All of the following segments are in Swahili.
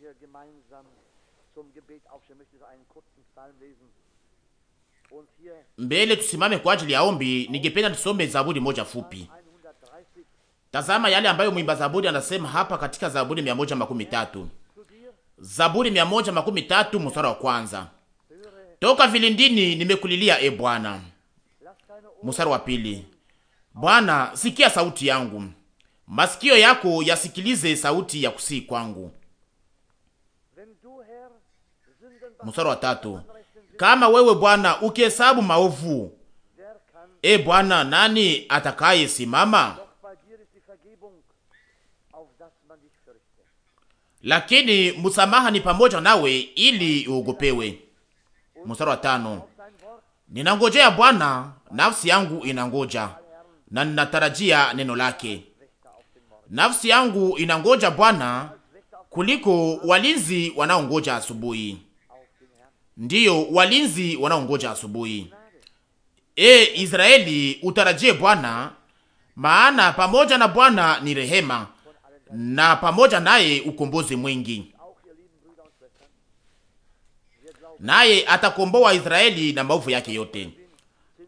wir gemeinsam zum Gebet aufstehen. möchte Ich einen kurzen Psalm lesen. Mbele tusimame kwa ajili ya ombi. Ningependa tusome Zaburi moja fupi. Tazama yale ambayo mwimba Zaburi anasema hapa katika Zaburi makumi tatu. Zaburi makumi tatu mstari wa kwanza. Toka vilindini nimekulilia e Bwana. Mstari wa pili. Bwana, sikia sauti yangu. Masikio yako yasikilize sauti ya kusii kwangu. mstari wa tatu. Kama wewe Bwana ukihesabu maovu, e Bwana, nani atakaye simama? Lakini msamaha ni pamoja nawe ili uogopewe. Mstari wa tano. Ninangojea Bwana, nafsi yangu inangoja na ninatarajia neno lake. Nafsi yangu inangoja Bwana kuliko walinzi wanaongoja asubuhi ndiyo walinzi wanaongoja asubuhi. E Israeli, utarajie Bwana, maana pamoja na Bwana ni rehema na pamoja naye ukombozi mwingi, naye atakomboa Israeli na maovu yake yote.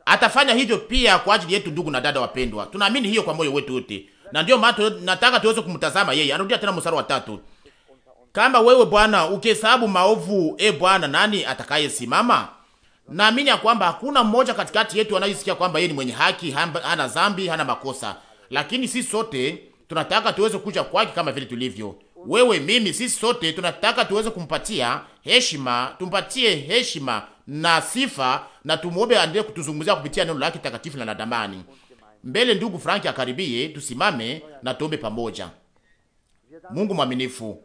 Atafanya hivyo pia kwa ajili yetu, ndugu na dada wapendwa, tunaamini hiyo kwa moyo wetu wote, na ndio maana nataka tuweze kumtazama yeye. Anarudia tena mstari wa tatu. Kama wewe Bwana ukihesabu maovu, e Bwana, nani atakayesimama? Naamini ya kwamba hakuna mmoja katikati yetu anayesikia kwamba yeye ni mwenye haki, hana dhambi, hana makosa, lakini sisi sote tunataka tuweze kuja kwake kama vile tulivyo. Wewe, mimi, sisi sote tunataka tuweze kumpatia heshima, tumpatie heshima na sifa, na tumwombe aendelee kutuzungumzia kupitia neno lake takatifu na nadamani mbele. Ndugu Franki akaribie, tusimame na tuombe pamoja. Mungu mwaminifu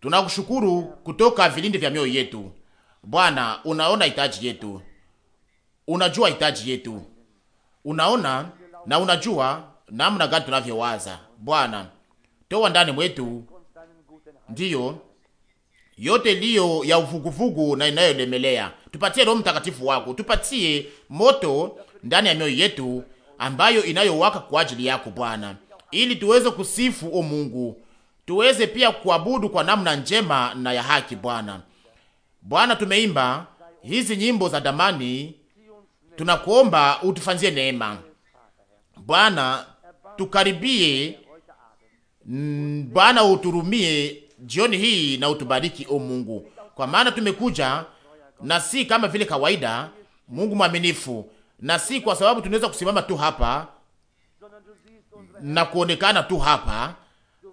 Tunakushukuru kutoka vilindi vya mioyo yetu. Bwana, unaona hitaji yetu, unajua hitaji yetu, unaona na unajua namna gani tunavyowaza. Bwana, toa ndani mwetu ndiyo yote liyo ya uvuguvugu na inayolemelea. Tupatie Roho Mtakatifu wako, tupatie moto ndani ya mioyo yetu ambayo inayowaka kwa ajili yako Bwana, ili tuweze kusifu o Mungu tuweze pia kuabudu kwa namna njema na ya haki. Bwana Bwana, tumeimba hizi nyimbo za damani, tunakuomba utufanzie neema Bwana, tukaribie Bwana, uturumie jioni hii na utubariki o Mungu, kwa maana tumekuja na si kama vile kawaida, Mungu mwaminifu, na si kwa sababu tunaweza kusimama tu hapa na kuonekana tu hapa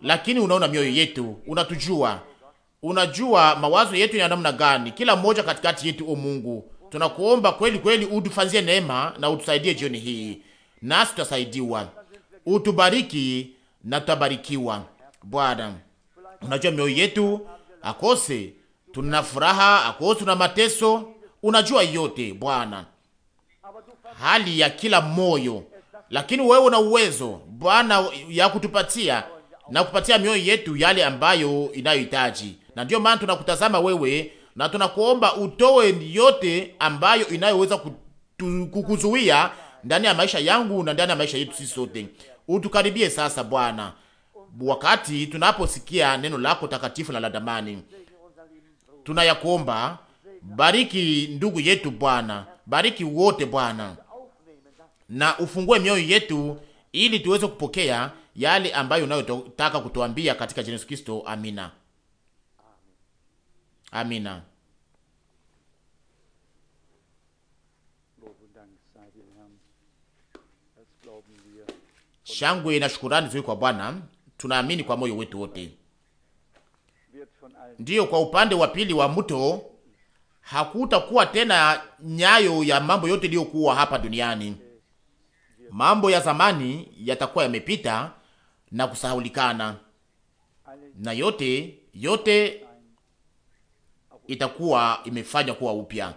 lakini unaona mioyo yetu, unatujua, unajua mawazo yetu ya namna gani, kila mmoja katikati yetu. O Mungu, tunakuomba kweli kweli, utufanzie neema na utusaidie jioni hii, nasi tutasaidiwa. Utubariki na tutabarikiwa. Bwana, unajua mioyo yetu, akose tuna furaha, akose tuna mateso, unajua yote Bwana, hali ya kila moyo, lakini wewe una uwezo Bwana ya kutupatia na kupatia mioyo yetu yale ambayo inayohitaji. Na ndio maana tunakutazama wewe na tunakuomba utoe yote ambayo inayoweza kukuzuia ndani ya maisha yangu na ndani ya maisha yetu sisi sote. Utukaribie sasa Bwana, wakati tunaposikia neno lako takatifu na la damani, tunayakuomba. Bariki ndugu yetu Bwana, bariki wote Bwana, na ufungue mioyo yetu ili tuweze kupokea yale ambayo unayotaka kutuambia katika jina Yesu Kristo. Amina, amina. Shangwe na shukurani ziwe kwa Bwana. Tunaamini kwa moyo wetu wote. Ndiyo, kwa upande wa pili wa mto hakutakuwa tena nyayo ya mambo yote iliyokuwa hapa duniani. Mambo ya zamani yatakuwa yamepita, na kusahulikana, na yote yote itakuwa imefanywa kuwa upya.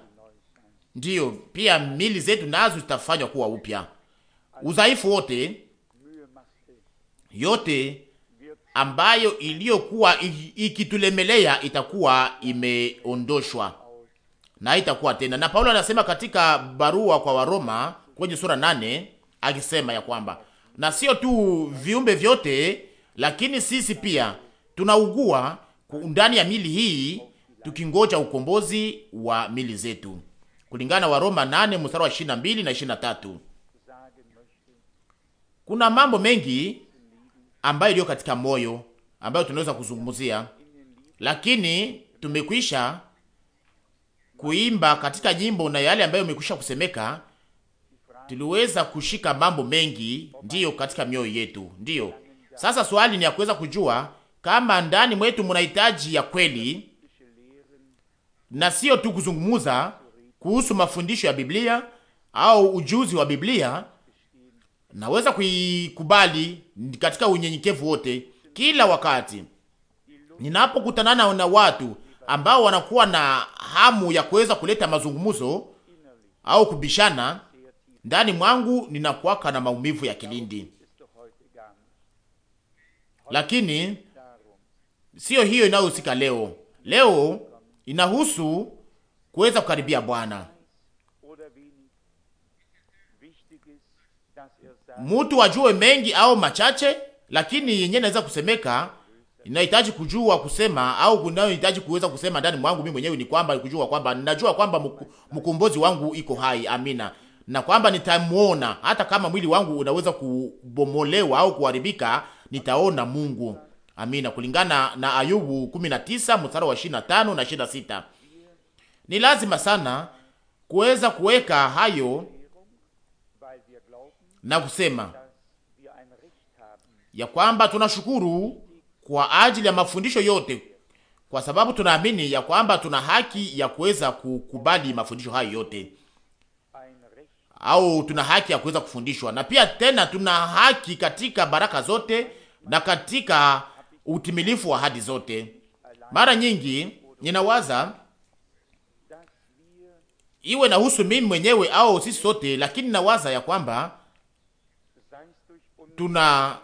Ndiyo, pia mili zetu nazo zitafanywa kuwa upya, udhaifu wote yote ambayo iliyokuwa ikitulemelea itakuwa imeondoshwa na itakuwa tena. Na Paulo anasema katika barua kwa Waroma kwenye sura nane akisema ya kwamba na sio tu viumbe vyote, lakini sisi pia tunaugua ndani ya mili hii tukingoja ukombozi wa mili zetu kulingana wa Roma 8 mstari wa 22 na 23. Kuna mambo mengi ambayo iliyo katika moyo ambayo tunaweza kuzungumzia, lakini tumekwisha kuimba katika nyimbo na yale ambayo imekwisha kusemeka tuliweza kushika mambo mengi ndiyo katika mioyo yetu, ndiyo. Sasa swali ni ya kuweza kujua kama ndani mwetu mnahitaji ya kweli, na sio tu kuzungumuza kuhusu mafundisho ya Biblia au ujuzi wa Biblia. Naweza kuikubali katika unyenyekevu wote, kila wakati ninapokutanana na watu ambao wanakuwa na hamu ya kuweza kuleta mazungumzo au kubishana ndani mwangu ninakuwaka na maumivu ya kilindi. Lakini siyo hiyo inayohusika leo. Leo inahusu kuweza kukaribia Bwana. Mtu ajue mengi au machache, lakini yenyewe naweza kusemeka inahitaji kujua kusema au kunayohitaji kuweza kusema ndani mwangu mimi mwenyewe ni kwamba kujua kwamba ninajua kwamba mku, mkombozi wangu iko hai. Amina na kwamba nitamwona, hata kama mwili wangu unaweza kubomolewa au kuharibika, nitaona Mungu. Amina, kulingana na Ayubu 19 mstari wa 25 na 26. Ni lazima sana kuweza kuweka hayo na kusema ya kwamba tunashukuru kwa ajili ya mafundisho yote, kwa sababu tunaamini ya kwamba tuna haki ya kuweza kukubali mafundisho hayo yote au tuna haki ya kuweza kufundishwa, na pia tena tuna haki katika baraka zote na katika utimilifu wa ahadi zote. Mara nyingi ninawaza iwe nahusu mimi mwenyewe au sisi sote, lakini nawaza ya kwamba tuna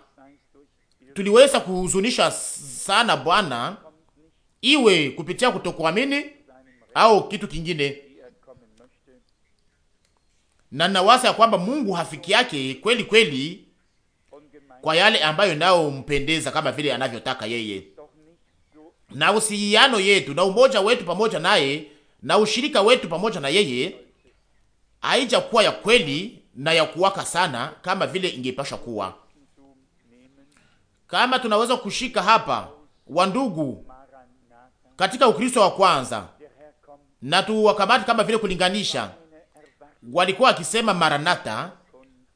tuliweza kuhuzunisha sana Bwana, iwe kupitia kutokuamini au kitu kingine na nawasa ya kwamba Mungu hafiki yake kweli kweli kwa yale ambayo nao mpendeza kama vile anavyotaka yeye, na usiano yetu na umoja wetu pamoja naye na ushirika wetu pamoja na yeye kuwa ya kweli na ya kuwaka sana kama vile ingepasha kuwa. Kama tunaweza kushika hapa, wandugu, katika Ukristo wa kwanza, na tuwakamati kama vile kulinganisha walikuwa akisema maranata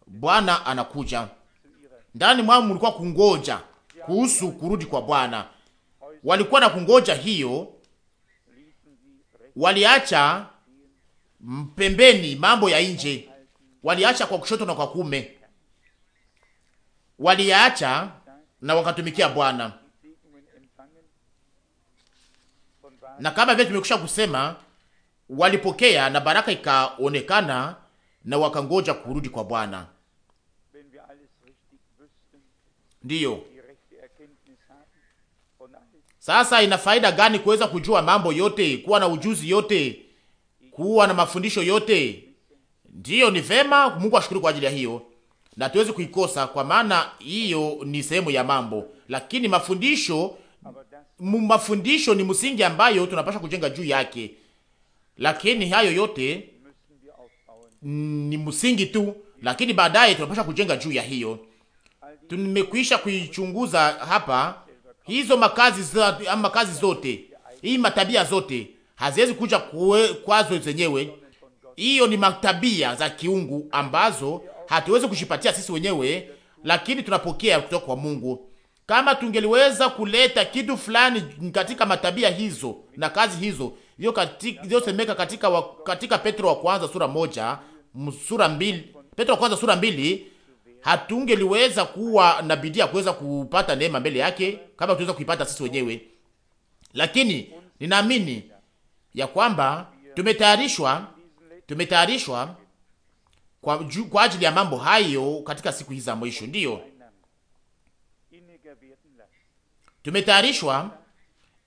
Bwana anakuja. Ndani mwao mlikuwa kungoja kuhusu kurudi kwa Bwana, walikuwa na kungoja hiyo, waliacha mpembeni mambo ya nje, waliacha kwa kushoto na kwa kume, waliacha na wakatumikia Bwana, na kama vile tumekwisha kusema walipokea na baraka ikaonekana na wakangoja kurudi kwa Bwana. Ndiyo, sasa ina faida gani kuweza kujua mambo yote, kuwa na ujuzi yote, kuwa na mafundisho yote? Ndiyo, ni vema. Mungu ashukuru kwa ajili ya hiyo, na tuwezi kuikosa, kwa maana hiyo ni sehemu ya mambo. Lakini mafundisho, mafundisho ni msingi ambayo tunapasha kujenga juu yake lakini hayo yote ni msingi tu, lakini baadaye tunapaswa kujenga juu ya hiyo. Tumekwisha kuichunguza hapa hizo makazi zote, makazi zote hii matabia zote haziwezi kuja kwazo zenyewe. Hiyo ni matabia za kiungu ambazo hatuwezi kujipatia sisi wenyewe, lakini tunapokea kutoka kwa Mungu. Kama tungeliweza kuleta kitu fulani katika matabia hizo na kazi hizo, iliyosemeka katika, wa, katika Petro wa kwanza sura moja sura mbili Petro wa kwanza sura mbili hatungeliweza kuwa na bidii ya kuweza kupata neema mbele yake kama tuweza kuipata sisi wenyewe, lakini ninaamini ya kwamba tumetayarishwa tumetayarishwa kwa, kwa ajili ya mambo hayo katika siku hizi za mwisho. Ndiyo, tumetayarishwa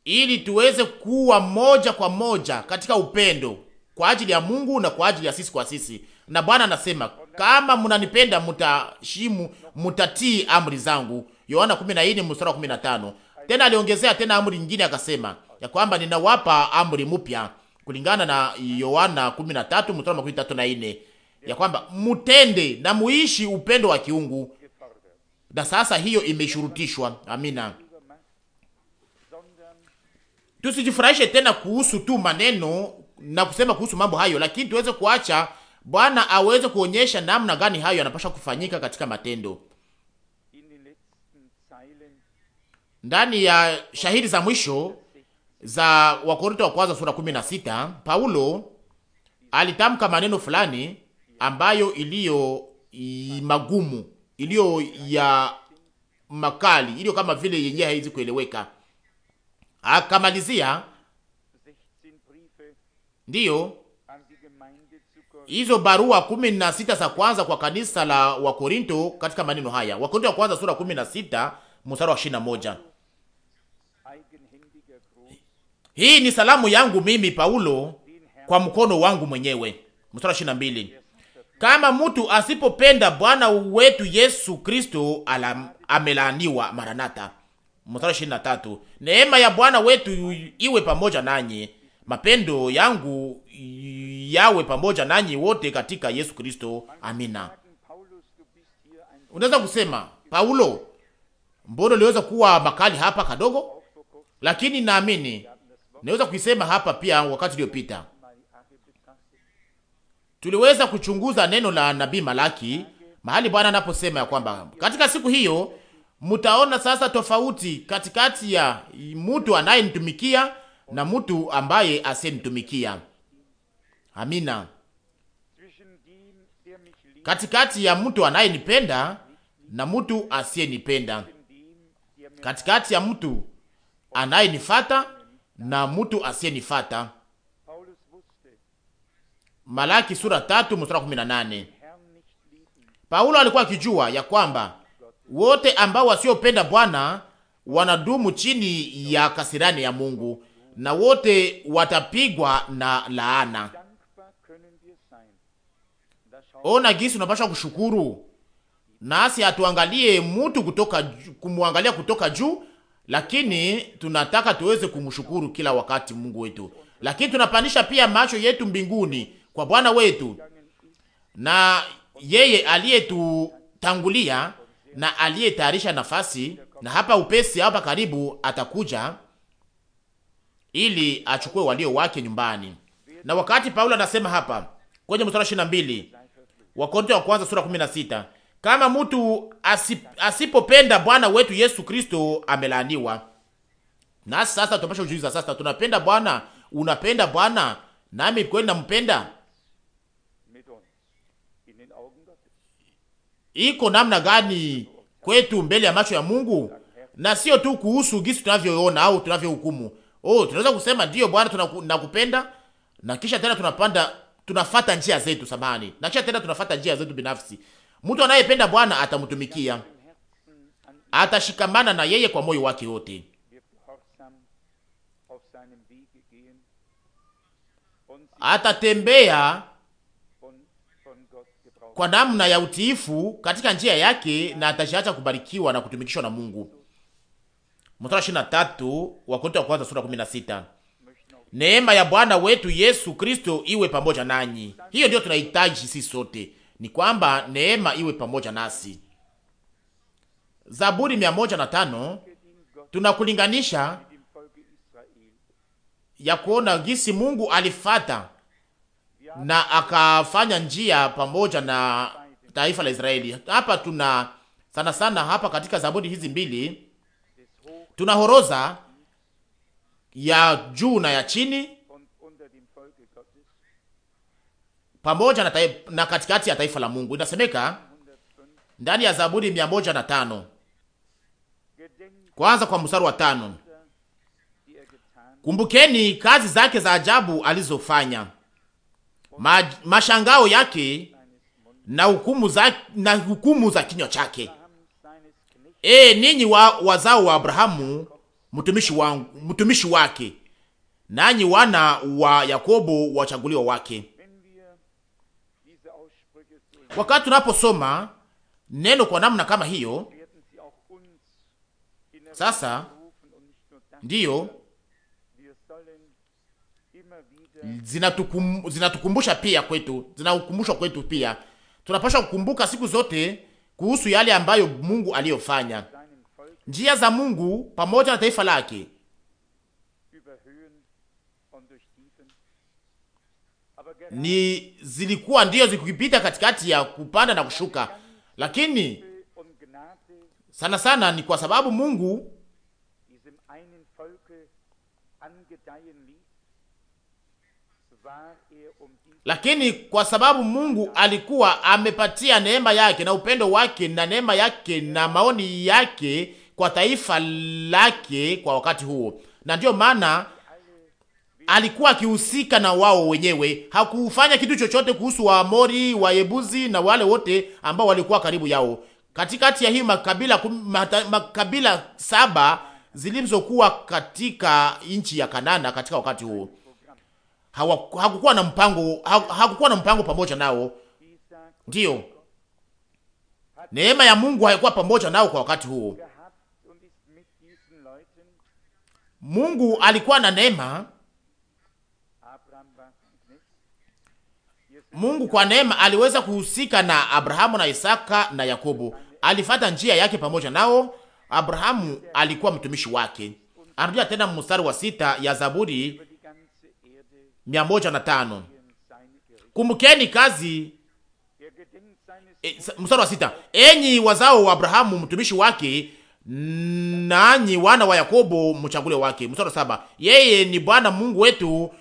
ili tuweze kuwa moja kwa moja katika upendo kwa ajili ya Mungu na kwa ajili ya sisi kwa sisi. Na Bwana anasema kama mnanipenda, mtashimu mtatii amri zangu, Yohana 14 mstari wa 15. Tena aliongezea tena amri nyingine akasema ya kwamba ninawapa amri mpya kulingana na Yohana 13 mstari wa 34, ya kwamba mutende na muishi upendo wa kiungu. Na sasa hiyo imeshurutishwa. Amina tusijifurahishe tena kuhusu tu maneno na kusema kuhusu mambo hayo, lakini tuweze kuacha Bwana aweze kuonyesha namna gani hayo yanapaswa kufanyika katika matendo. Ndani ya shahidi za mwisho za Wakorinto wa kwanza sura 16, Paulo alitamka maneno fulani ambayo iliyo magumu, iliyo ya makali, iliyo kama vile yenyewe haizi kueleweka. Akamalizia ndiyo hizo barua kumi na sita za kwanza kwa kanisa la Wakorinto katika maneno haya, Wakorinto wa kwanza sura kumi na sita mstari wa ishirini na moja. Hii ni salamu yangu mimi Paulo kwa mkono wangu mwenyewe. Mstari wa ishirini na mbili, kama mtu asipopenda Bwana wetu Yesu Kristo amelaaniwa. maranata mstari ishirini na tatu. Neema ya Bwana wetu iwe pamoja nanyi, mapendo yangu yawe pamoja nanyi wote katika Yesu Kristo, amina. Unaweza kusema Paulo, mbona uliweza kuwa makali hapa kadogo? Lakini naamini naweza kuisema hapa pia. Wakati uliopita tuliweza kuchunguza neno la nabii Malaki mahali Bwana anaposema ya kwamba katika siku hiyo mutaona sasa tofauti katikati ya mtu anayenitumikia na mtu ambaye asiyenitumikia. Amina. Katikati ya mtu anayenipenda na mtu asiyenipenda, katikati ya mtu anayenifata na mtu asiyenifata. Malaki sura tatu mstari wa Paulo alikuwa akijua ya kwamba wote ambao wasiopenda Bwana wanadumu chini ya kasirani ya Mungu, na wote watapigwa na laana. Ona gisi unapasha kushukuru, nasi hatuangalie mtu kutoka kumwangalia kutoka juu, lakini tunataka tuweze kumshukuru kila wakati Mungu wetu, lakini tunapandisha pia macho yetu mbinguni kwa Bwana wetu na yeye aliyetutangulia na aliyetayarisha nafasi, na hapa upesi, hapa karibu atakuja ili achukue walio wake nyumbani. Na wakati Paulo anasema hapa kwenye mstari wa mbili Wakorintho wa kwanza sura 16, kama mtu asip, asipopenda Bwana wetu Yesu Kristo amelaaniwa. Na sasa tunapasha kujiuliza sasa, tunapenda Bwana? Unapenda Bwana? Nami kweli nampenda iko namna gani kwetu mbele ya macho ya Mungu, na sio tu kuhusu gisi tunavyoona au tunavyohukumu. Oh, tunaweza kusema ndiyo Bwana, tunakupenda na kisha tena tunapanda tunafata njia zetu samani, na kisha tena tunafata njia zetu binafsi. Mtu anayependa Bwana atamtumikia, atashikamana na yeye kwa moyo wake wote. Atatembea kwa namna ya utiifu katika njia yake, na atashiacha kubarikiwa na kutumikishwa na Mungu. Mathayo 23 na wa kwanza sura 16. Neema ya Bwana wetu Yesu Kristo iwe pamoja nanyi. Hiyo ndio tunahitaji sisi sote, ni kwamba neema iwe pamoja nasi. Zaburi mia na tano tunakulinganisha ya kuona gisi Mungu alifata na akafanya njia pamoja na taifa la Israeli. Hapa tuna sana sana, hapa katika Zaburi hizi mbili tuna horoza ya juu na ya chini pamoja na, na katikati ya taifa la Mungu. Inasemeka ndani ya Zaburi mia moja na tano kwanza kwa mstari wa tano kumbukeni kazi zake za ajabu alizofanya ma, mashangao yake na hukumu za, na hukumu za kinywa chake. E, ninyi wa, wazao wa Abrahamu mtumishi, wangu mtumishi wake nanyi wana wa Yakobo wachaguliwa wake. Wakati tunaposoma neno kwa namna kama hiyo, sasa ndiyo zinatukum, zinatukumbusha pia kwetu, zinakumbushwa kwetu pia. Tunapaswa kukumbuka siku zote kuhusu yale ambayo Mungu aliyofanya, njia za Mungu pamoja na taifa lake ni zilikuwa ndiyo zikipita katikati ya kupanda na kushuka, lakini sana sana ni kwa sababu Mungu lakini kwa sababu Mungu alikuwa amepatia neema yake na upendo wake na neema yake na maoni yake kwa taifa lake kwa wakati huo, na ndiyo maana alikuwa akihusika na wao wenyewe. Hakufanya kitu chochote kuhusu Waamori, Wayebuzi na wale wote ambao walikuwa karibu yao. Katikati ya hii makabila makabila saba zilizokuwa katika nchi ya Kanana katika wakati huo hakukuwa na mpango, hakukuwa na mpango pamoja nao. Ndiyo, neema ya Mungu haikuwa pamoja nao kwa wakati huo. Mungu alikuwa na neema. Mungu kwa neema aliweza kuhusika na Abrahamu na Isaka na Yakobo. Alifata njia yake pamoja nao. Abrahamu alikuwa mtumishi wake. Anarudia tena mstari wa sita ya Zaburi mia moja na tano. Kumbukeni kazi e, mstari wa sita, enyi wazao wa Abrahamu mtumishi wake nanyi wana wa Yakobo mchagule wake. Mstari wa saba, yeye ni Bwana Mungu wetu,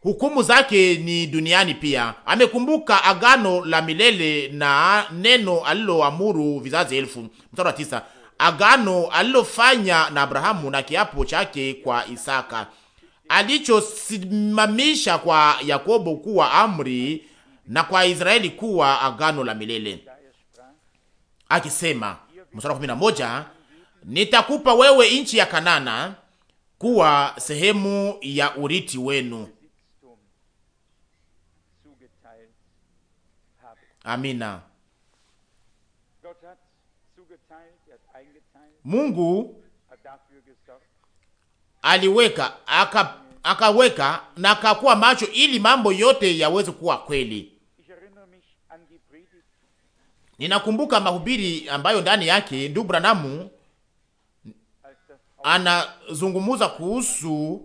hukumu zake ni duniani pia. Amekumbuka agano la milele na neno aliloamuru vizazi elfu. Mstari wa tisa, agano alilofanya na Abrahamu na kiapo chake kwa Isaka alichosimamisha kwa Yakobo kuwa amri na kwa Israeli kuwa agano la milele, akisema mstari 11, nitakupa wewe nchi ya Kanana kuwa sehemu ya uriti wenu. Amina. Mungu aliweka aka, akaweka na akakuwa macho ili mambo yote yaweze kuwa kweli. Ninakumbuka mahubiri ambayo ndani yake ndugu Branamu anazungumuza kuhusu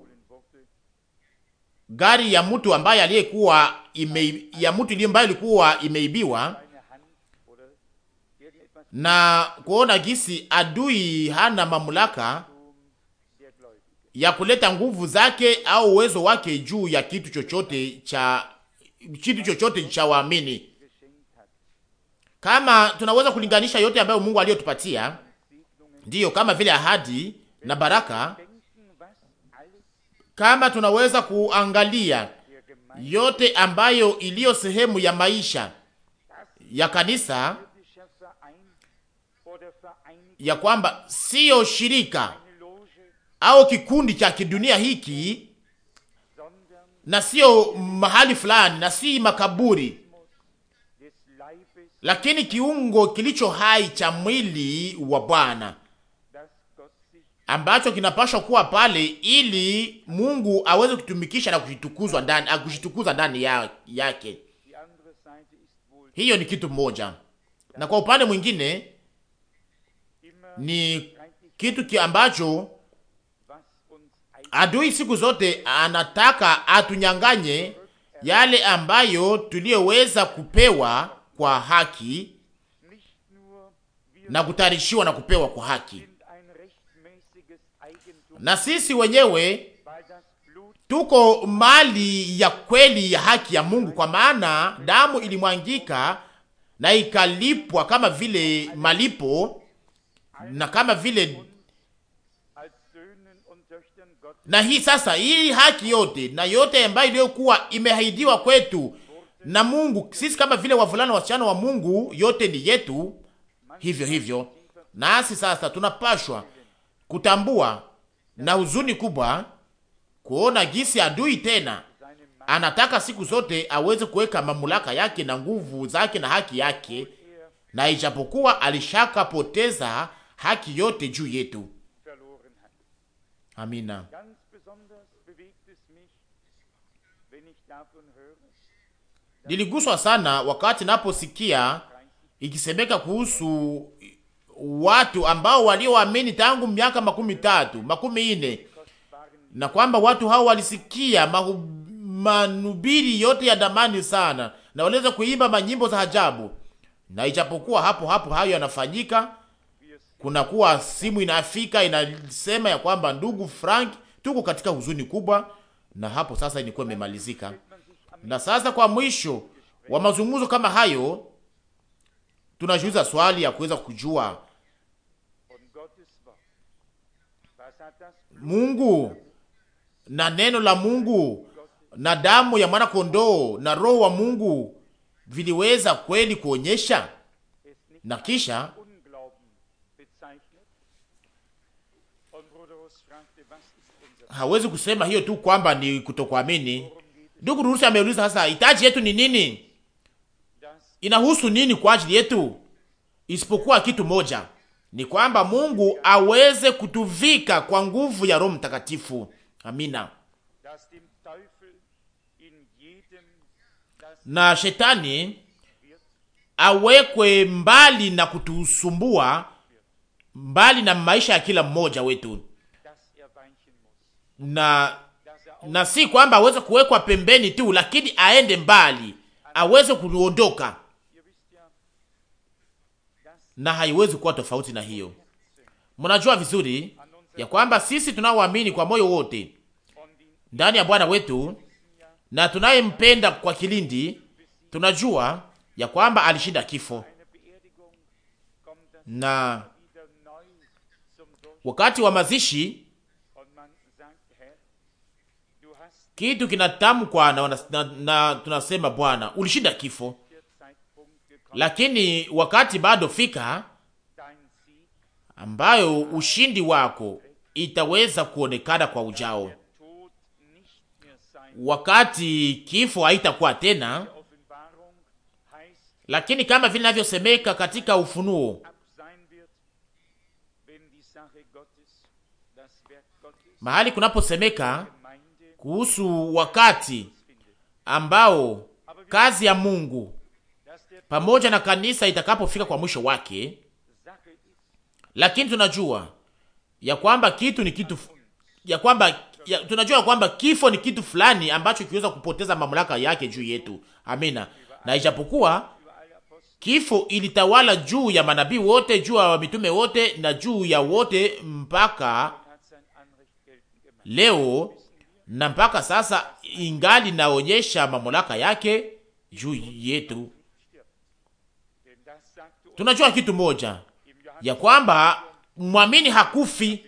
gari ya mtu ambaye aliyekuwa ime, ya mtu ambaye ilikuwa imeibiwa na kuona gisi adui hana mamlaka ya kuleta nguvu zake au uwezo wake juu ya kitu chochote cha kitu chochote cha waamini. Kama tunaweza kulinganisha yote ambayo Mungu aliyotupatia, ndiyo kama vile ahadi na baraka, kama tunaweza kuangalia yote ambayo iliyo sehemu ya maisha ya kanisa, ya kwamba siyo shirika au kikundi cha kidunia hiki, na sio mahali fulani, na si makaburi, lakini kiungo kilicho hai cha mwili wa Bwana ambacho kinapashwa kuwa pale ili Mungu aweze kutumikisha na kujitukuzwa ndani, akujitukuza ah, ndani ya, yake. Hiyo ni kitu moja, na kwa upande mwingine ni kitu ki ambacho Adui siku zote anataka atunyanganye yale ambayo tuliyoweza kupewa kwa haki na kutarishiwa na kupewa kwa haki, na sisi wenyewe tuko mali ya kweli ya haki ya Mungu, kwa maana damu ilimwangika na ikalipwa kama vile malipo na kama vile na hii sasa, hii haki yote na yote ambayo iliyokuwa imehaidiwa kwetu na Mungu, sisi kama vile wavulana wasichana wa Mungu, yote ni yetu. Hivyo hivyo nasi sasa tunapashwa kutambua na huzuni kubwa kuona gisi adui tena anataka siku zote aweze kuweka mamlaka yake na nguvu zake na haki yake, na ijapokuwa alishakapoteza haki yote juu yetu Amina. Niliguswa sana wakati naposikia ikisemeka kuhusu watu ambao walioamini tangu miaka makumi tatu makumi ine na kwamba watu hao walisikia manubiri yote ya damani sana na waliweza kuimba manyimbo za ajabu, na ijapokuwa hapo hapo hayo yanafanyika kunakuwa simu inafika inasema ya kwamba ndugu Frank, tuko katika huzuni kubwa, na hapo sasa ilikuwa imemalizika. Na sasa kwa mwisho wa mazungumzo kama hayo, tunajiuliza swali ya kuweza kujua Mungu na neno la Mungu na damu ya mwana kondoo na roho wa Mungu viliweza kweli kuonyesha na kisha hawezi kusema hiyo tu kwamba ni kutokuamini. Ndugu Rusi ameuliza sasa, hitaji yetu ni nini? Inahusu nini kwa ajili yetu? Isipokuwa kitu moja, ni kwamba Mungu aweze kutuvika kwa nguvu ya Roho Mtakatifu. Amina. Na shetani awekwe mbali na kutusumbua, mbali na maisha ya kila mmoja wetu na na si kwamba aweze kuwekwa pembeni tu, lakini aende mbali, aweze kuondoka, na haiwezi kuwa tofauti na hiyo. Mnajua vizuri ya kwamba sisi tunaoamini kwa moyo wote ndani ya Bwana wetu na tunayempenda kwa kilindi, tunajua ya kwamba alishinda kifo, na wakati wa mazishi kitu kinatamkwa na, na, na tunasema Bwana, ulishinda kifo, lakini wakati bado fika ambayo ushindi wako itaweza kuonekana kwa ujao, wakati kifo haitakuwa tena. Lakini kama vile inavyosemeka katika Ufunuo, mahali kunaposemeka kuhusu wakati ambao kazi ya Mungu pamoja na kanisa itakapofika kwa mwisho wake, lakini tunajua ya kwamba kitu ni kitu ya kwamba ya, tunajua kwamba kifo ni kitu fulani ambacho kiweza kupoteza mamlaka yake juu yetu. Amina. Na ijapokuwa kifo ilitawala juu ya manabii wote, juu ya mitume wote na juu ya wote mpaka leo, na mpaka sasa ingali naonyesha mamlaka yake juu yetu. Tunajua kitu moja ya kwamba mwamini hakufi,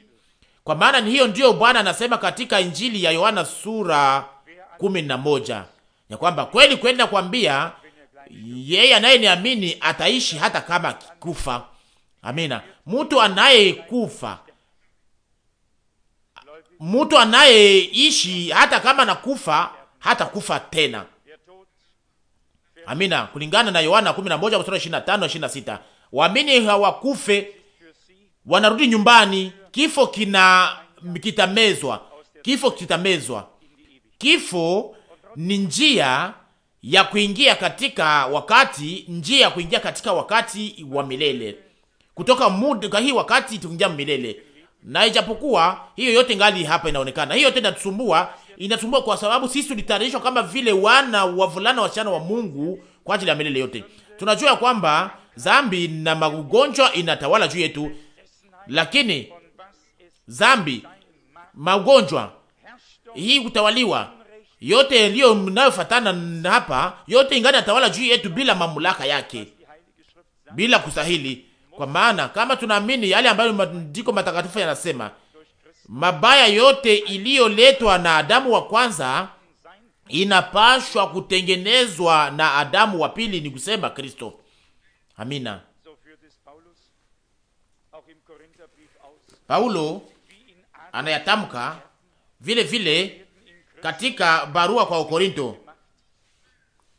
kwa maana ni hiyo ndiyo Bwana anasema katika Injili ya Yohana sura kumi na moja ya kwamba kweli kweli nakwambia yeye anayeniamini ataishi hata kama akikufa. Amina. Mtu anayekufa mtu anayeishi hata kama nakufa hata kufa tena. Amina, kulingana na Yohana 11 mstari 25 26, waamini hawakufe wanarudi nyumbani, kifo kina kitamezwa, kifo kitamezwa. Kifo ni njia ya kuingia katika wakati, njia ya kuingia katika wakati wa milele, kutoka muda hii wakati tuingia milele na ijapokuwa hiyo yote ngali hapa inaonekana, hiyo yote inatusumbua, inatusumbua kwa sababu sisi tulitayarishwa kama vile wana wavulana wasichana wa Mungu kwa ajili ya milele yote. Tunajua kwamba zambi na magonjwa inatawala juu yetu, lakini zambi, magonjwa hii kutawaliwa yote ndiyo mnayofatana hapa, yote ingali natawala juu yetu bila mamlaka yake, bila kustahili kwa maana kama tunaamini yale ambayo maandiko matakatifu yanasema, mabaya yote iliyoletwa na Adamu wa kwanza inapashwa kutengenezwa na Adamu wa pili, ni kusema Kristo. Amina. Paulo anayatamka vile vile katika barua kwa Korinto,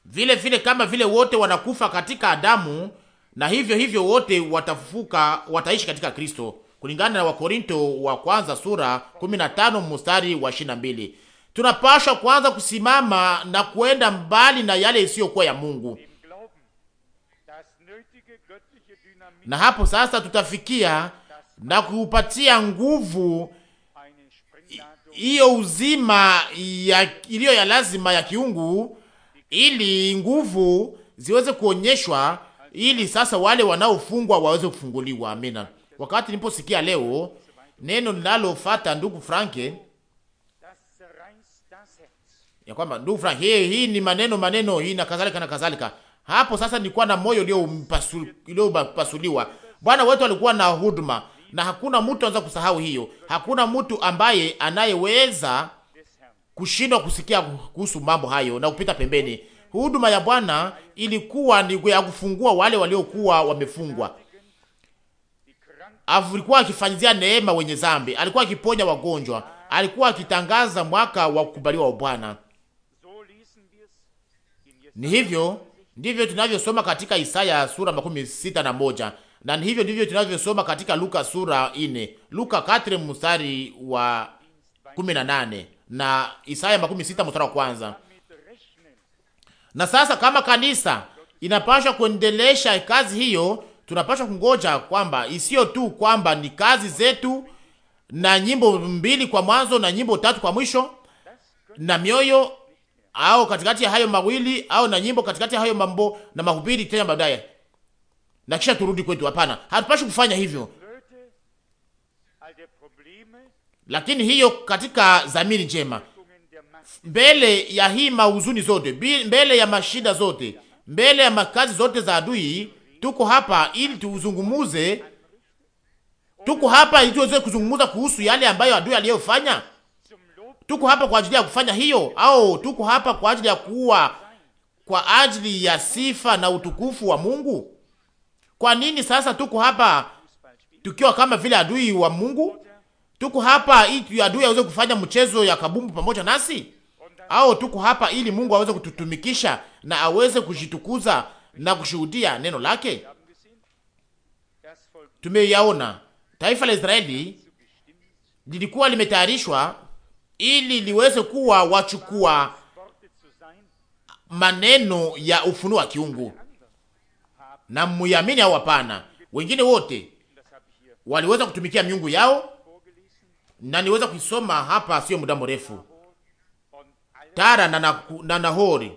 vile vile kama vile wote wanakufa katika Adamu, na hivyo hivyo wote watafufuka, wataishi katika Kristo, kulingana na Wakorinto wa kwanza sura 15 mstari wa 22. Tunapashwa kwanza kusimama na kuenda mbali na yale isiyokuwa ya Mungu, na hapo sasa tutafikia na kuupatia nguvu hiyo uzima iliyo ya lazima ya kiungu, ili nguvu ziweze kuonyeshwa ili sasa wale wanaofungwa waweze kufunguliwa. Amina. Wakati niliposikia leo neno linalofuata ndugu Franke ya kwamba ndugu Frank, hii eh, hii ni maneno maneno hii na kadhalika na kadhalika. Hapo sasa nilikuwa na moyo uliopasuliwa. Bwana wetu alikuwa na huduma, na hakuna mtu anaweza kusahau hiyo. Hakuna mtu ambaye anayeweza kushindwa kusikia kuhusu mambo hayo na kupita pembeni huduma ya Bwana ilikuwa ni ya kufungua wale waliokuwa wamefungwa. Alikuwa akifanyizia neema wenye zambi, alikuwa akiponya wagonjwa, alikuwa akitangaza mwaka wa kukubaliwa wa Bwana. Ni hivyo ndivyo tunavyosoma katika Isaya sura makumi sita na moja na ni hivyo ndivyo tunavyosoma katika Luka sura ine, Luka katre mstari wa kumi na nane na Isaya makumi sita mstari wa kwanza. Na sasa kama kanisa inapaswa kuendelesha kazi hiyo, tunapaswa kungoja kwamba isiyo tu kwamba ni kazi zetu na nyimbo mbili kwa mwanzo na nyimbo tatu kwa mwisho na mioyo au katikati ya hayo mawili au na nyimbo katikati ya hayo mambo na mahubiri tena baadaye na kisha turudi kwetu. Hapana, hatupashi kufanya hivyo, lakini hiyo katika dhamiri njema mbele ya hii mahuzuni zote, mbele ya mashida zote, mbele ya makazi zote za adui. Tuko hapa ili tuzungumuze, tuko hapa ili tuweze kuzungumuza kuhusu yale ambayo adui aliyofanya. Tuko hapa kwa ajili ya kufanya hiyo, au tuko hapa kwa ajili ya kuwa kwa ajili ya sifa na utukufu wa Mungu? Kwa nini sasa tuko hapa tukiwa kama vile adui wa Mungu? Tuko hapa ili adui aweze kufanya mchezo ya kabumbu pamoja nasi, au tuko hapa ili Mungu aweze kututumikisha na aweze kujitukuza na kushuhudia neno lake? Tumeyaona taifa la Israeli lilikuwa limetayarishwa ili liweze kuwa wachukua maneno ya ufunuo wa kiungu na muyamini au hapana? Wengine wote waliweza kutumikia miungu yao na niweza kuisoma hapa, sio muda mrefu. Tara na, na, na Nahori,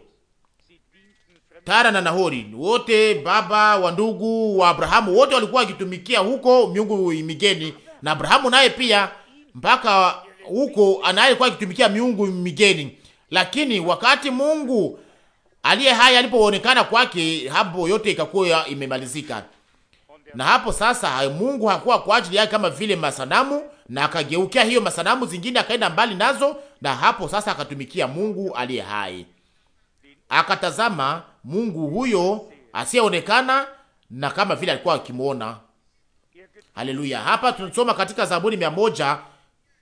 Tara na Nahori wote baba wa ndugu wa Abrahamu wote walikuwa wakitumikia huko miungu migeni, na Abrahamu naye pia mpaka huko anayekuwa akitumikia miungu migeni. Lakini wakati Mungu aliye hai alipoonekana kwake, hapo yote ikakuwa imemalizika. Na hapo sasa Mungu hakuwa kwa ajili yake kama vile masanamu na akageukia hiyo masanamu zingine, akaenda mbali nazo, na hapo sasa akatumikia Mungu aliye hai, akatazama Mungu huyo asiyeonekana na kama vile alikuwa akimwona. Haleluya! Hapa tunasoma katika Zaburi mia moja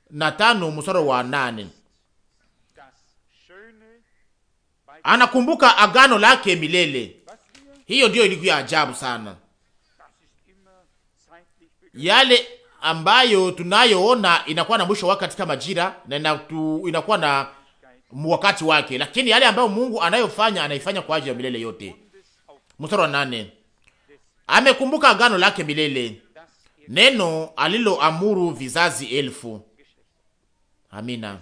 na tano mstari wa nane anakumbuka agano lake milele. Hiyo ndiyo ilikuwa ajabu sana, yale ambayo tunayoona inakuwa na mwisho wake katika majira na inatu, inakuwa na wakati wake, lakini yale ambayo Mungu anayofanya anaifanya kwa ajili ya milele yote. Mstari wa nane, amekumbuka agano lake milele, neno aliloamuru vizazi elfu. Amina.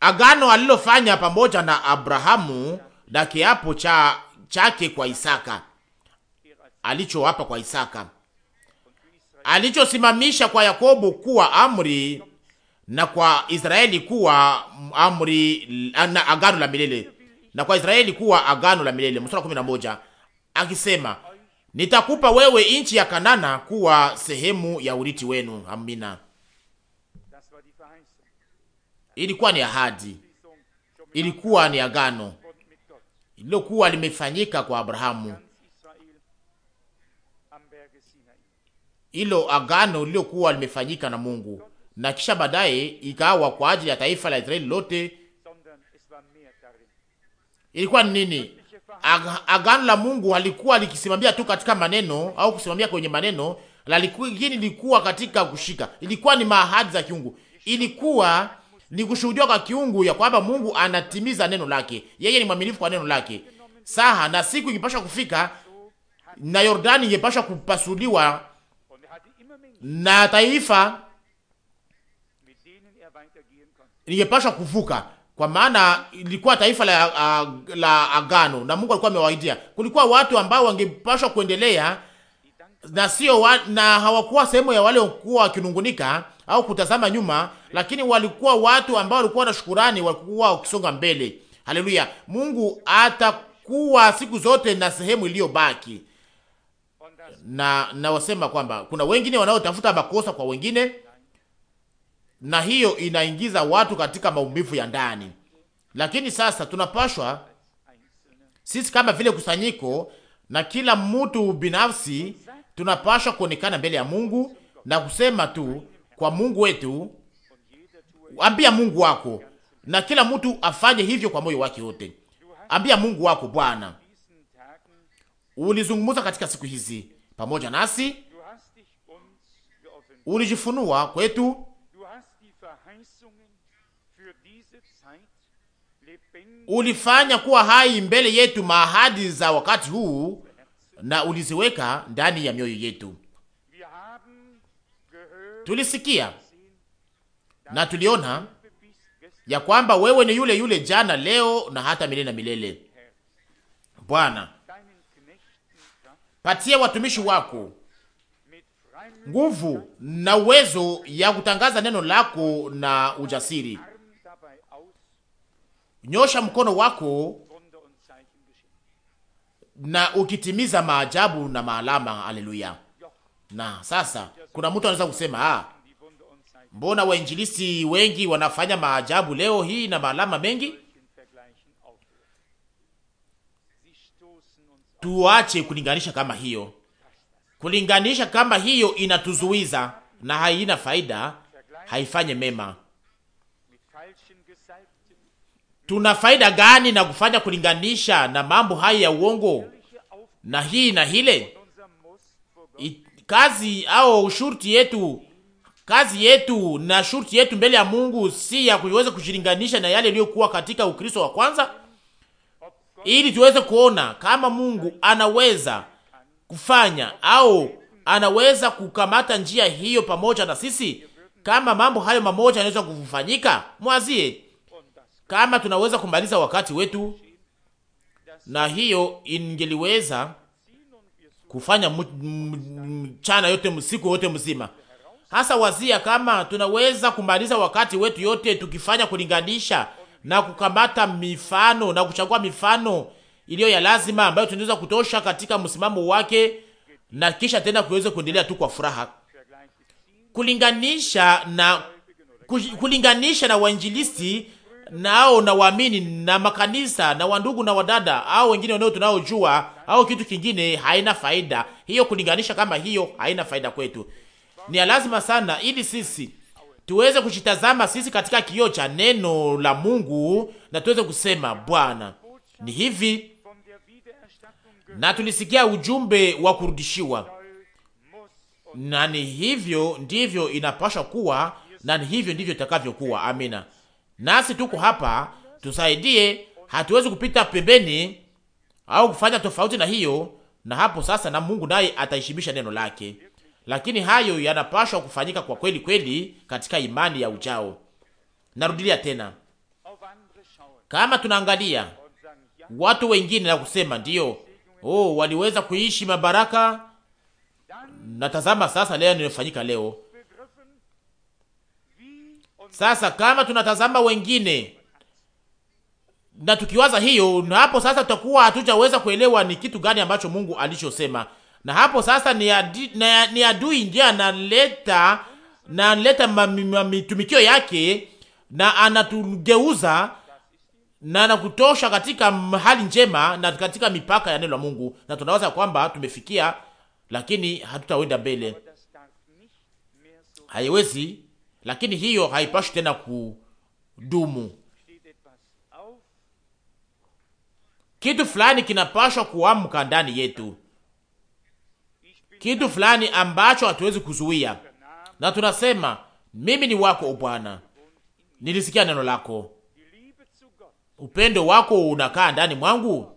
Agano alilofanya pamoja na Abrahamu na kiapo cha chake kwa Isaka alichowapa kwa Isaka, alichosimamisha kwa Yakobo kuwa amri na kwa Israeli kuwa amri na agano la milele, na kwa Israeli kuwa agano la milele. Mstari kumi na moja akisema, nitakupa wewe nchi ya Kanana kuwa sehemu ya urithi wenu. Amina. Ilikuwa ni ahadi, ilikuwa ni agano ililokuwa limefanyika kwa Abrahamu ilo agano lililokuwa limefanyika na Mungu, na kisha baadaye ikawa kwa ajili ya taifa la Israeli lote. Ilikuwa ni nini? Agano la Mungu halikuwa likisimamia tu katika maneno au kusimamia kwenye maneno, lakini lilikuwa katika kushika. Ilikuwa ni maahadi za kiungu, ilikuwa ni kushuhudiwa kwa kiungu ya kwamba Mungu anatimiza neno lake, yeye ni mwaminifu kwa neno lake. Saha na siku ingepashwa kufika na Yordani ingepashwa kupasuliwa na taifa lingepashwa kuvuka, kwa maana ilikuwa taifa la, la agano na Mungu alikuwa amewaidia. Kulikuwa watu ambao wangepashwa kuendelea na sio wa, na hawakuwa sehemu ya wale waliokuwa wakinungunika au kutazama nyuma, lakini walikuwa watu ambao walikuwa na shukurani, walikuwa wakisonga mbele. Haleluya! Mungu atakuwa siku zote na sehemu iliyobaki na nawasema kwamba kuna wengine wanaotafuta makosa kwa wengine, na hiyo inaingiza watu katika maumivu ya ndani. Lakini sasa tunapashwa sisi kama vile kusanyiko na kila mtu binafsi, tunapashwa kuonekana mbele ya Mungu na kusema tu kwa Mungu wetu, ambia Mungu wako, na kila mtu afanye hivyo kwa moyo wake wote. Ambia Mungu wako, Bwana, ulizungumza katika siku hizi pamoja nasi, ulijifunua kwetu, ulifanya kuwa hai mbele yetu maahadi za wakati huu, na uliziweka ndani ya mioyo yetu. Tulisikia na tuliona ya kwamba wewe ni yule yule jana, leo na hata milele na milele. Bwana, patia watumishi wako nguvu na uwezo ya kutangaza neno lako na ujasiri. Nyosha mkono wako na ukitimiza maajabu na maalama. Haleluya! Na sasa kuna mtu anaweza kusema ah, mbona wainjilisti wengi wanafanya maajabu leo hii na maalama mengi? tuache kulinganisha kama hiyo. Kulinganisha kama hiyo inatuzuiza na haina faida, haifanye mema. Tuna faida gani na kufanya kulinganisha na mambo haya ya uongo na hii na hile It, kazi au shurti yetu kazi yetu na shurti yetu mbele ya Mungu si ya kuiweza kujilinganisha na yale yaliyokuwa katika Ukristo wa kwanza ili tuweze kuona kama Mungu anaweza kufanya au anaweza kukamata njia hiyo pamoja na sisi. Kama mambo hayo mamoja yanaweza kufanyika, mwazie kama tunaweza kumaliza wakati wetu, na hiyo ingeliweza kufanya mchana yote msiku yote mzima. Hasa wazia kama tunaweza kumaliza wakati wetu yote tukifanya kulinganisha na kukamata mifano na kuchagua mifano iliyo ya lazima ambayo tunaweza kutosha katika msimamo wake, na kisha tena kuweze kuendelea tu kwa furaha kulinganisha na kulinganisha na wainjilisti nao na waamini na makanisa na wandugu na wadada au wengine wanao tunaojua au kitu kingine, haina faida hiyo. Kulinganisha kama hiyo haina faida kwetu, ni lazima sana ili sisi tuweze kujitazama sisi katika kioo cha neno la Mungu na tuweze kusema Bwana, ni hivi na tulisikia ujumbe wa kurudishiwa, na ni hivyo ndivyo inapashwa kuwa, na ni hivyo ndivyo itakavyokuwa. Amina. Nasi tuko hapa, tusaidie. Hatuwezi kupita pembeni au kufanya tofauti na hiyo, na hapo sasa, na Mungu naye ataishibisha neno lake lakini hayo yanapashwa kufanyika kwa kweli kweli katika imani ya ujao. Narudilia tena, kama tunaangalia watu wengine na kusema ndiyo, oh, waliweza kuishi mabaraka, natazama sasa leo nilofanyika leo sasa. Kama tunatazama wengine na tukiwaza hiyo, na hapo sasa tutakuwa hatujaweza kuelewa ni kitu gani ambacho Mungu alichosema na hapo sasa ni, adi, na, ni adui ndiye analeta na analeta mitumikio yake na anatugeuza na anakutosha katika hali njema na katika mipaka ya neno la Mungu, na tunawaza kwamba tumefikia, lakini hatutawenda mbele, haiwezi. Lakini hiyo haipashi tena kudumu. Kitu fulani kinapashwa kuamka ndani yetu kitu fulani ambacho hatuwezi kuzuia, na tunasema mimi ni wako, o Bwana, nilisikia neno lako, upendo wako unakaa ndani mwangu,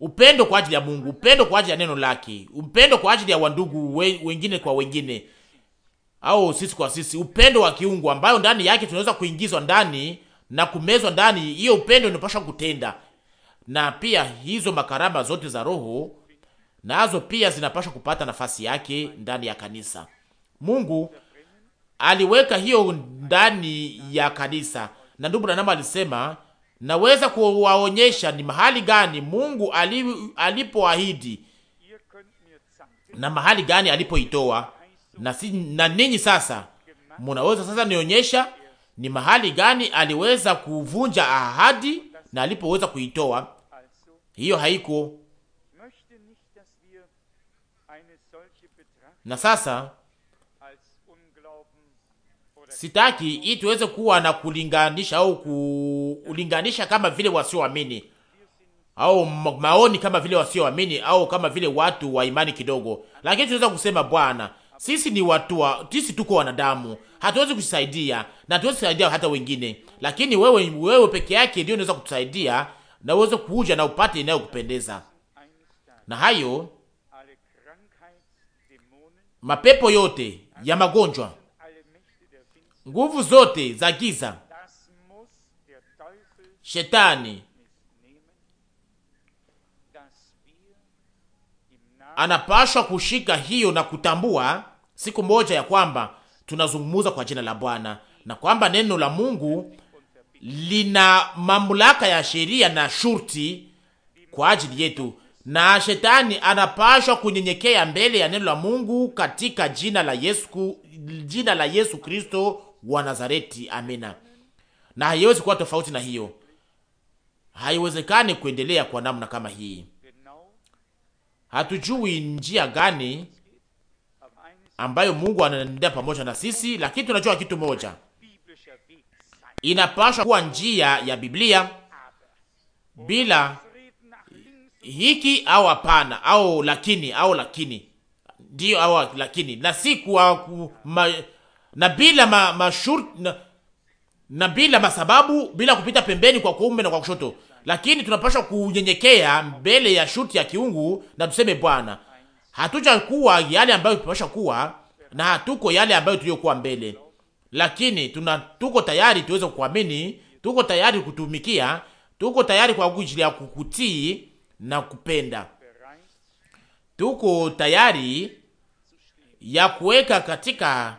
upendo kwa ajili ya Mungu, upendo kwa ajili ya neno lake, upendo kwa ajili ya wandugu wengine kwa wengine, au sisi kwa sisi, upendo wa kiungu ambayo ndani yake tunaweza kuingizwa ndani na kumezwa ndani. Hiyo upendo inapaswa kutenda, na pia hizo makarama zote za Roho nazo pia zinapaswa kupata nafasi yake ndani ya kanisa. Mungu aliweka hiyo ndani ya kanisa, na ndugu Branham alisema naweza kuwaonyesha ni mahali gani Mungu alipoahidi na mahali gani alipoitoa, na, si, na ninyi sasa munaweza sasa nionyesha ni mahali gani aliweza kuvunja ahadi na alipoweza kuitoa. Hiyo haiko Na sasa sitaki ili tuweze kuwa na kulinganisha au kulinganisha kama vile wasioamini au maoni kama vile wasioamini au kama vile watu wa imani kidogo, lakini tunaweza kusema Bwana, sisi ni watu wa, sisi tuko wanadamu, hatuwezi kusaidia na hatuwezi kusaidia hata wengine, lakini wewe, wewe peke yake ndio unaweza kutusaidia na uweze kuja na upate inayokupendeza na hayo mapepo yote ya magonjwa, nguvu zote za giza, shetani anapashwa kushika hiyo na kutambua siku moja ya kwamba tunazungumuza kwa jina la Bwana na kwamba neno la Mungu lina mamlaka ya sheria na shurti kwa ajili yetu, na shetani anapashwa kunyenyekea mbele ya neno la Mungu katika jina la Yesu, jina la Yesu Kristo wa Nazareti. Amina. Na haiwezi kuwa tofauti na hiyo, haiwezekani kuendelea kwa namna kama hii. Hatujui njia gani ambayo Mungu anaendea pamoja na sisi, lakini tunajua kitu moja, inapashwa kuwa njia ya Biblia bila hiki au hapana, au lakini, au lakini ndio, au lakini, na si kuwa na bila ma, mashur, na, na bila masababu, bila kupita pembeni kwa kuume na kwa kushoto, lakini tunapaswa kunyenyekea mbele ya shurti ya kiungu na tuseme, Bwana, hatujakuwa yale ambayo tunapaswa kuwa na hatuko yale ambayo tuliyokuwa mbele, lakini tuna tuko tayari tuweze kuamini, tuko tayari kutumikia, tuko tayari kwa ajili ya kukutii na kupenda. Tuko tayari ya kuweka katika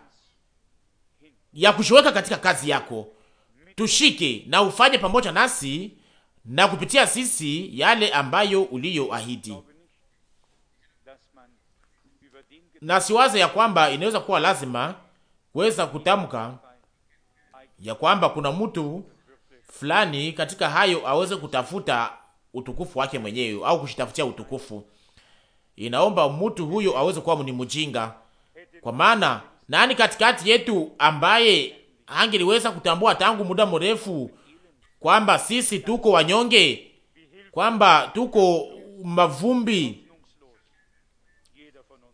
ya kushiweka katika kazi yako, tushike na ufanye pamoja nasi na kupitia sisi yale ambayo uliyoahidi. Na siwaze ya kwamba inaweza kuwa lazima kuweza kutamka ya kwamba kuna mtu fulani katika hayo aweze kutafuta utukufu wake mwenyewe au kushitafutia utukufu. Inaomba mtu huyo aweze kuwa ni mjinga, kwa maana nani katikati yetu ambaye angeliweza kutambua tangu muda mrefu kwamba sisi tuko wanyonge, kwamba tuko mavumbi,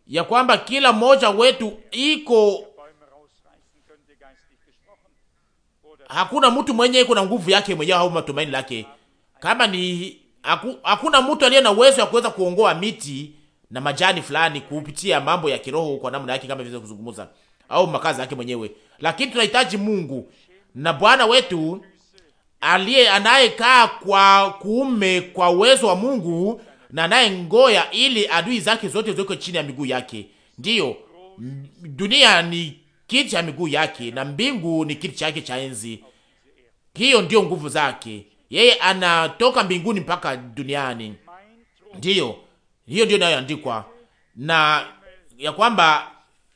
ya kwamba kila mmoja wetu iko hakuna mtu mwenye iko na nguvu yake mwenyewe au matumaini lake. Kama ni hakuna mtu aliye na uwezo wa kuweza kuongoa miti na majani fulani kupitia mambo ya kiroho kwa namna yake kama vile kuzungumza au makazi yake mwenyewe, lakini tunahitaji Mungu na Bwana wetu aliye anayekaa kwa kuume kwa uwezo wa Mungu na ngoya ili adui zake zote ziwekwe chini ya miguu yake. Ndiyo, dunia ni kiti cha miguu yake na mbingu ni kiti chake cha enzi. Hiyo ndiyo nguvu zake yeye anatoka mbinguni mpaka duniani. Ndiyo, hiyo ndio inayoandikwa na ya kwamba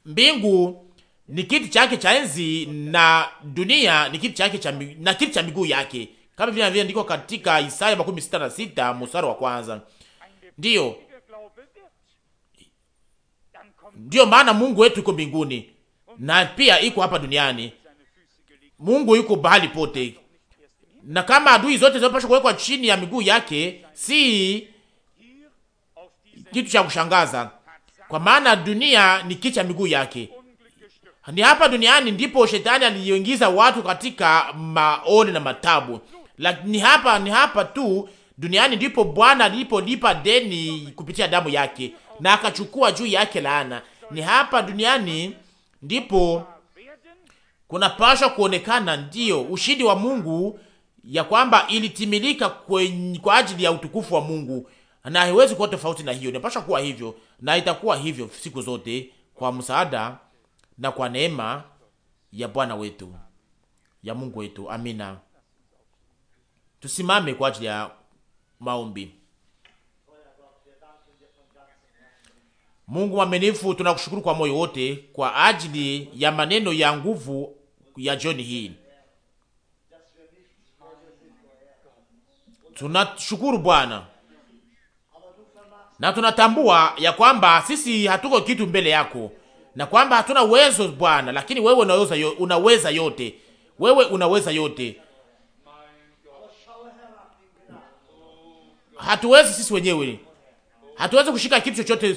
mbingu ni kiti chake cha enzi na dunia ni kiti chake cha na kiti cha miguu yake, kama vile inavyoandikwa katika Isaya makumi sita na sita mstari wa kwanza. Ndiyo, ndiyo maana Mungu wetu yuko mbinguni na pia iko hapa duniani. Mungu yuko bahali pote, na kama adui zote zinapaswa kuwekwa chini ya miguu yake, si kitu cha kushangaza, kwa maana dunia ni kicha miguu yake. Ni hapa duniani ndipo shetani aliingiza watu katika maone na matabu, lakini hapa ni hapa tu duniani ndipo Bwana alipolipa deni kupitia damu yake na akachukua juu yake laana. Ni hapa duniani ndipo kunapashwa kuonekana ndiyo ushindi wa Mungu ya kwamba ilitimilika kwenye, kwa ajili ya utukufu wa Mungu, na haiwezi kuwa tofauti na hiyo. Inapasha kuwa hivyo na itakuwa hivyo siku zote kwa msaada na kwa neema ya Bwana wetu ya Mungu wetu. Amina. Tusimame kwa ajili ya maombi. Mungu mwaminifu, tunakushukuru kwa moyo wote kwa ajili ya maneno ya nguvu ya jioni hii. Tunashukuru Bwana na tunatambua ya kwamba sisi hatuko kitu mbele yako na kwamba hatuna uwezo Bwana, lakini wewe unaweza, unaweza yote. Wewe unaweza yote, hatuwezi sisi wenyewe, hatuwezi kushika kitu chochote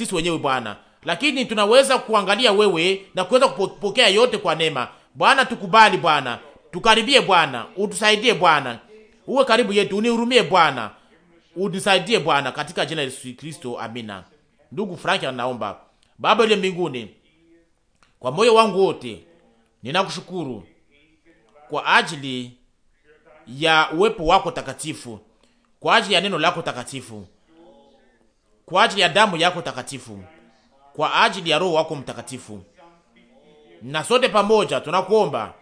sisi wenyewe Bwana, lakini tunaweza kuangalia wewe na kuweza kupokea yote kwa neema Bwana. Tukubali Bwana, tukaribie Bwana, utusaidie Bwana uwe karibu yetu, unihurumie Bwana, unisaidie Bwana, katika jina la Yesu Kristo, amina. Ndugu Frank anaomba, Baba ile mbinguni, kwa moyo wangu wote ninakushukuru kwa ajili ya uwepo wako takatifu, kwa ajili ya neno lako takatifu, kwa ajili ya damu yako takatifu, kwa ajili ya Roho wako Mtakatifu. Na sote pamoja tunakuomba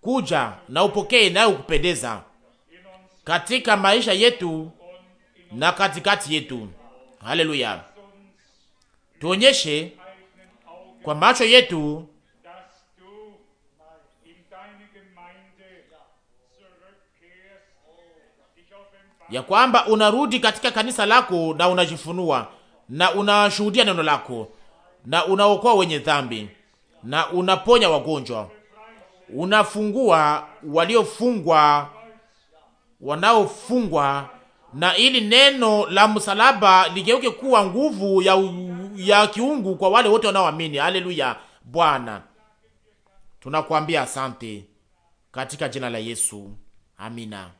kuja na upokee nayo kupendeza katika maisha yetu na katikati yetu. Haleluya! Tuonyeshe kwa macho yetu ya kwamba unarudi katika kanisa lako na unajifunua na unashuhudia neno lako na unaokoa wenye dhambi na unaponya wagonjwa, unafungua waliofungwa wanaofungwa, na ili neno la msalaba ligeuke kuwa nguvu ya, ya kiungu kwa wale wote wanaoamini. Haleluya! Bwana, tunakuambia asante katika jina la Yesu, amina.